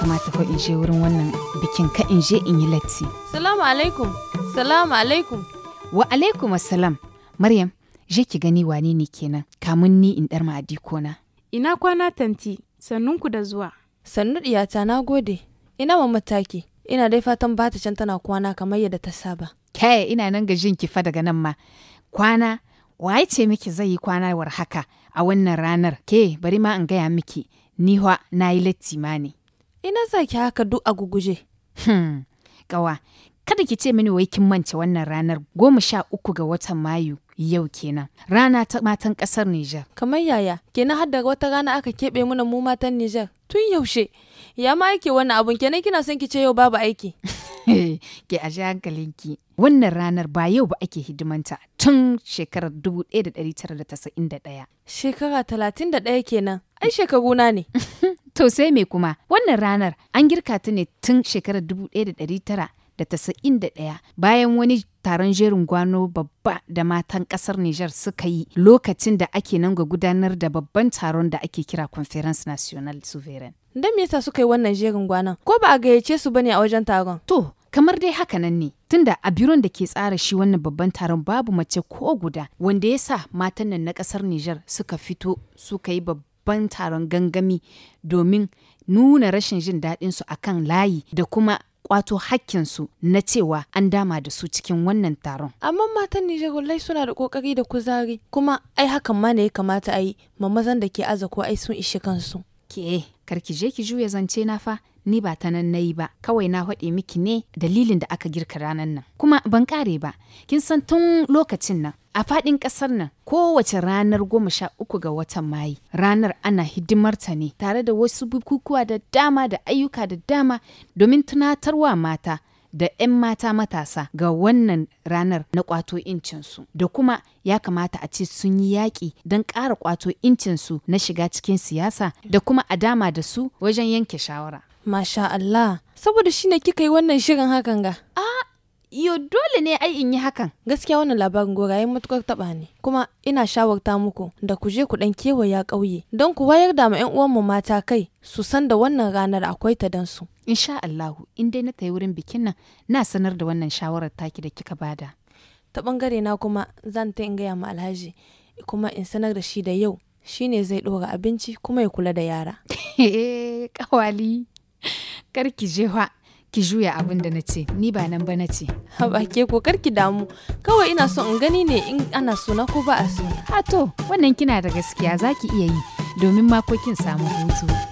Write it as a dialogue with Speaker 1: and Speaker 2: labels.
Speaker 1: kamata ko in je wurin wannan bikin ka in je in yi latti.
Speaker 2: Salamu alaikum, salamu alaikum.
Speaker 1: Wa alaikum assalam. Maryam, je ki gani wane ne kenan kamun ni in dar na.
Speaker 2: Ina kwana tanti, sannunku da zuwa. Sannu ɗiyata na gode. Ina ma mataki, ina dai fatan ba ta can tana kwana kamar yadda ta saba.
Speaker 1: Kai ina nan ga jin kifa daga nan ma. Kwana, waye ce miki zai yi kwanawar haka a wannan ranar? Ke bari ma in gaya miki, ni na yi latti ma ne. Ina sa ki haka duk a guguje. Hmm, gawa, kada ki ce mini wai kin mance wannan ranar goma sha uku ga watan Mayu yau kenan. Rana ta matan ƙasar Nijar.
Speaker 2: Kamar yaya, kenan har da wata rana aka keɓe mana mu matan Nijar. Tun yaushe, ya ma aiki wannan abun kenan kina son ki ce yau babu aiki.
Speaker 1: ke a hankalinki. Wannan ranar ba yau ba ake hidimanta, tun shekarar 1991. Shekara 31 kenan, ai shekaruna ne. to sai me kuma, wannan ranar an girka ta ne tun shekarar 1991 bayan wani taron jerin gwano babba da matan kasar Nijar suka yi lokacin da ake nan ga gudanar da babban taron da ake kira Conference National Sovereign. Dan me yasa suka yi wannan jerin gwanon? Ko ba a gayyace su bane a wajen taron? To, kamar dai haka nan ne. tunda a biron da ke tsara shi wannan babban taron babu mace ko guda wanda ya sa matan nan na kasar Nijar suka fito suka yi babban taron gangami domin nuna rashin jin daɗinsu su akan layi da kuma kwato hakkinsu na cewa an dama da su cikin wannan taron.
Speaker 2: Amma matan Nijar wallahi suna da kokari da kuzari kuma ai hakan ma
Speaker 1: ne ya kamata a yi mamazan da ke aza ko ai sun ishe kansu. Ke, karki je ki juya zance na fa ni ba ta nan nayi ba kawai na haɗe miki ne dalilin da aka girka ranar nan kuma ban ƙare ba kin san tun lokacin nan a faɗin ƙasar nan kowace ranar goma sha uku ga watan mayu ranar ana hidimar ta ne tare da wasu bukukuwa da dama da ayyuka da dama domin tunatarwa mata da 'yan mata matasa ga wannan ranar na kwato incinsu da kuma ya kamata a ce sun yi yaƙi don ƙara kwato incinsu na shiga cikin siyasa da kuma a dama da su wajen yanke shawara. Masha Allah, saboda shi ne kika yi wannan shirin hakan ga. Ah, yo
Speaker 2: dole ne ai in yi hakan. Gaskiya wannan labarin gorayen matukar taba ne. Kuma ina shawarta muku da ku je ku dan kewaya ƙauye don ku wayar da ma 'yan uwanmu mata kai su san da wannan ranar
Speaker 1: akwai ta dan su. Insha Allah, in dai na tayi wurin bikin nan, na sanar da wannan shawarar taki da kika bada.
Speaker 2: Ta bangare na kuma zan ta in gaya ma Alhaji kuma in sanar
Speaker 1: da shi da yau shi ne zai ɗora abinci kuma ya kula da yara. Kawali. karki ki je fa ki juya abin da na ce ni ba nan ba na ce haba ke ko kar ki damu kawai ina so in gani ne in ana so na ko ba a so a to wannan kina da gaskiya zaki iya yi domin makokin samu hutu